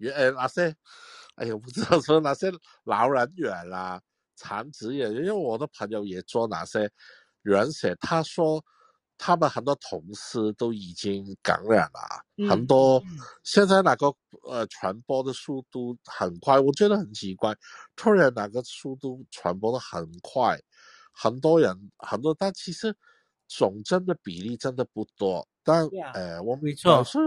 原誒，那、哎、些，哎呀，我不知道說那些老人院啦、啊、殘疾人，因為我的朋友也做那些院舍，他說，他們很多同事都已經感染了，嗯、很多，嗯、現在那個，呃傳播的速度很快，我覺得很奇怪，突然那個速度傳播的很快，很多人，很多，但其實重症的比例真的不多，但，誒、啊呃，我沒錯，所以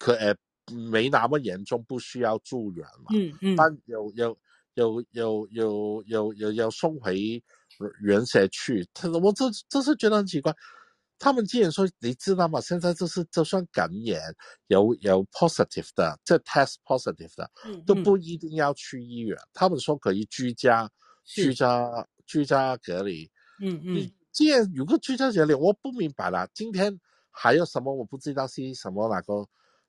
可誒，沒沒那麼嚴重，不需要住院嘛、嗯。嗯嗯。但有有有有有有有，有送回院舍去，佢我真真是覺得很奇怪。他們既然說，你知道嗎，現在就是就算感染有有 positive 的，即 test positive 的，嗯嗯、都不一定要去醫院。他們說可以居家是居家居家隔離。嗯嗯。既然有個居家隔離，嗯嗯、我不明白了。今天還有什麼我不知道是什麼那個？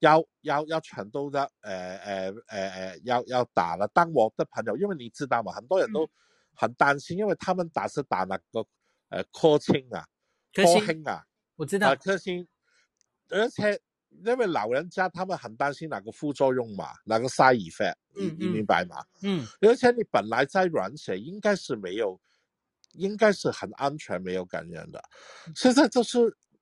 要要要全都嘅，誒誒誒誒，要要打了，當我的朋友，因為你知道嘛，很多人都很擔心，嗯、因為他們打是打那個誒科興啊，科興信啊，我知道，科興，而且因為老人家，他們很擔心那個副作用嘛，那個 side effect、嗯嗯、你你明白嗎？嗯，而且你本來在軟水，應該是沒有，應該是很安全，沒有感染的，現在就是。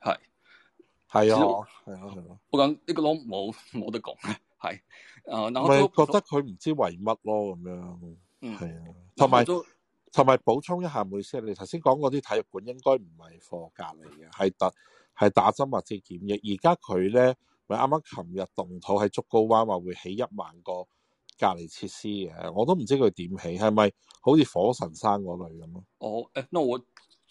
係係是啊，係啊，係啊！我講呢個窿冇冇得講啊，係啊。我係覺得佢唔知為乜咯，咁樣。嗯，係啊。同埋同埋補充一下，唔好意思，你頭先講嗰啲體育館應該唔係放隔離嘅，係特係打針或者檢疫。而家佢咧，咪啱啱琴日動土喺竹篙灣話會起一萬個隔離設施嘅，我都唔知佢點起，係咪好似火神山嗰類咁咯？哦，誒，那我。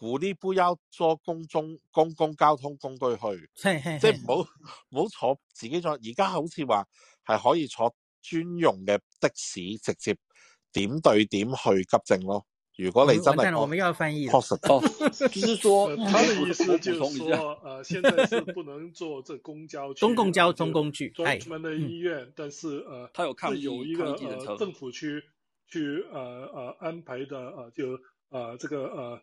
雇，呢不要坐公中公共交通工具去，即係唔好唔好坐自己坐。而家好似話係可以坐專用嘅的士直接點對點去急症咯。如果你真係，可能我們要翻譯。確實，哦，他說他的意思就是說，呃，現在是不能坐這公交、中公交、中工具，哎，門的醫院。但是，呃，他有是有一個呃政府區去，呃呃安排的，呃就呃這個呃。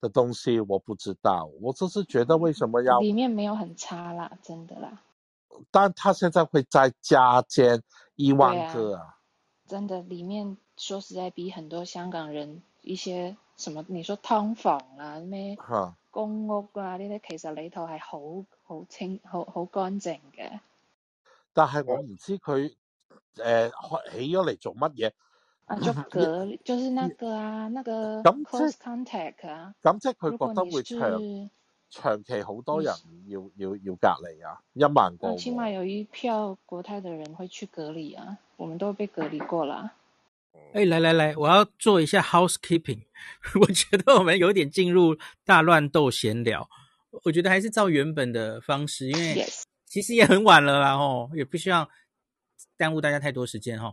的東西我不知道，我只是覺得為什麼要？裏面沒有很差啦，真的啦。但他現在會再加建一萬個，啊啊，真的裏面說實在比很多香港人一些什麼，你說劏房啊咩公屋啊呢啲，哈其實裏頭係好好清好好乾淨嘅。但係我唔知佢誒、呃、起咗嚟做乜嘢。啊！就隔離，嗯、就是那個啊，嗯、那個 close contact 啊，咁即係佢覺得會長長期好多人要是要要隔離啊，一萬個，起碼有一票國泰的人會去隔離啊，我們都被隔離過啦。誒、哎，來來來，我要做一下 housekeeping， 我覺得我們有點進入大亂鬥閒聊，我覺得還是照原本的方式，因為其實也很晚了啦，哦，也不需要耽誤大家太多時間，哈。